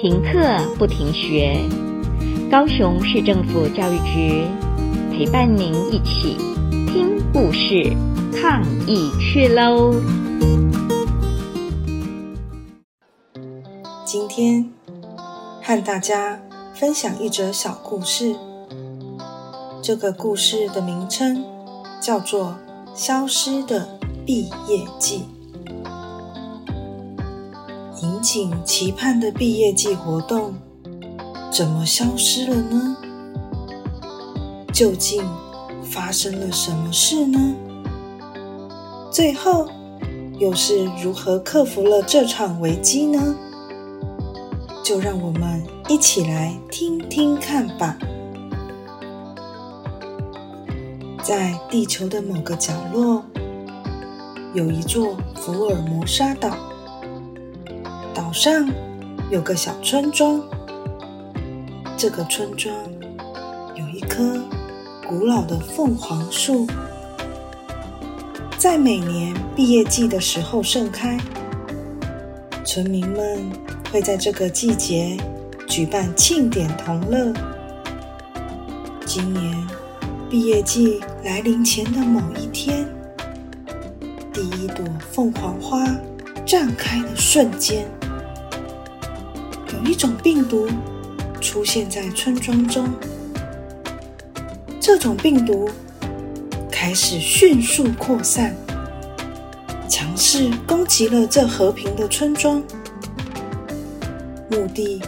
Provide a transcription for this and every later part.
停課不停學，高雄市政府教育局陪伴您一起聽故事、抗疫趣嘍。今天和大家分享一則小故事，這個故事的名稱叫做《消失的畢業季》。引頸期盼的畢業季活動，怎麼消失了呢？究竟發生了什麼事呢？最後又是如何克服了這場危機呢？就讓我們一起來聽聽看吧。在地球的某個角落，有一座福爾摩沙島。島上有個小村莊，這個村莊有一棵古老的鳳凰樹，在每年畢業季的時候盛開。村民們會在這個季節舉辦慶典同樂。今年畢業季來臨前的某一天，第一朵鳳凰花綻開的瞬間，一種病毒出現在村莊中，這種病毒開始迅速擴散，嘗試攻擊了這和平的村莊，目的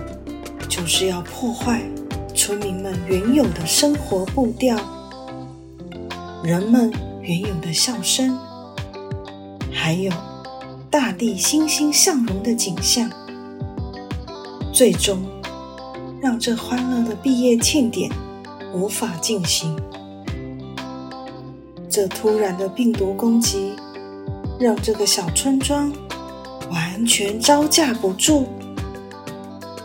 就是要破壞村民們原有的生活步調，人們原有的笑聲，還有大地欣欣向榮的景象。最終，讓這歡樂的畢業慶典無法進行。這突然的病毒攻擊，讓這個小村莊完全招架不住。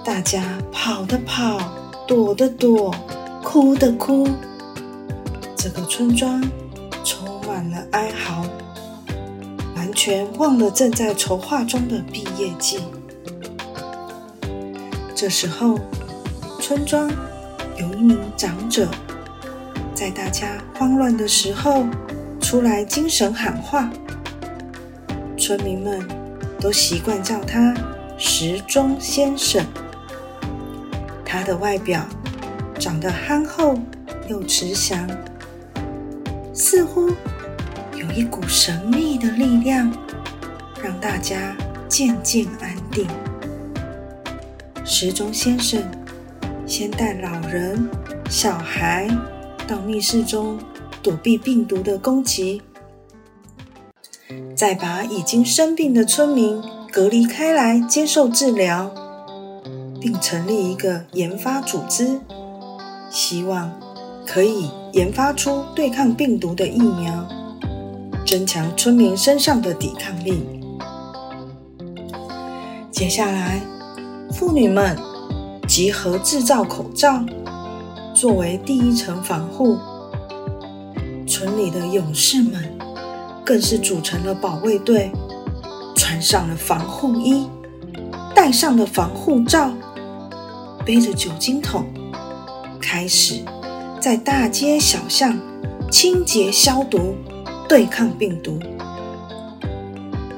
大家跑的跑，躲的躲，哭的哭，這個村莊充滿了哀嚎，完全忘了正在籌劃中的畢業季。這時候，村莊有一名長者，在大家慌亂的時候出來精神喊話，村民們都習慣叫他“時鐘先生”。他的外表長得憨厚又慈祥，似乎有一股神秘的力量，讓大家漸漸安定。時鐘先生先帶老人、小孩到密室中躲避病毒的攻擊，再把已經生病的村民隔離開來接受治療，並成立一個研發組織，希望可以研發出對抗病毒的疫苗，增強村民身上的抵抗力。接下來。婦女們集合製造口罩，作為第一層防護。村裡的勇士們更是組成了保衛隊，穿上了防護衣，戴上了防護罩，背着酒精桶，開始在大街小巷清潔消毒，對抗病毒。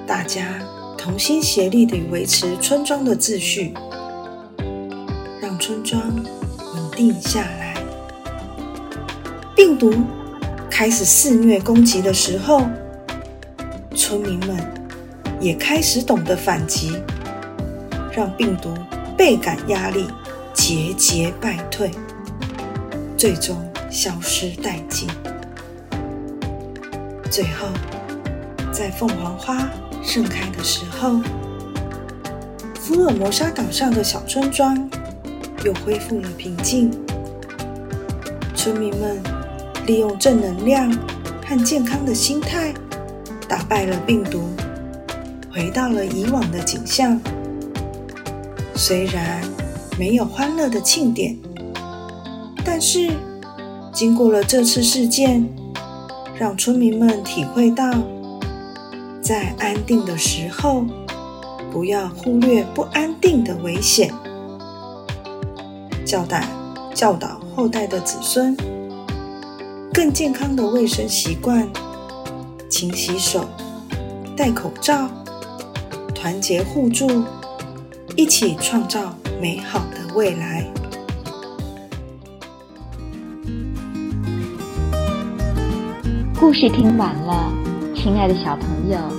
大家。同心協力地維持村莊的秩序，讓村莊穩定下來。病毒開始肆虐攻擊的時候，村民們也開始懂得反擊，讓病毒倍感壓力，節節敗退，最終消失殆盡。最後。在鳳凰花盛開的時候，福爾摩沙島上的小村莊又恢復了平靜。村民們利用正能量和健康的心態打敗了病毒，回到了以往的景象。雖然沒有歡樂的慶典，但是經過了這次事件，讓村民們體會到。在安定的時候，不要忽略不安定的危險，教導，教導後代的子孫，更健康的衛生習慣，勤洗手，戴口罩，團結互助，一起創造美好的未來。故事聽完了，親愛的小朋友。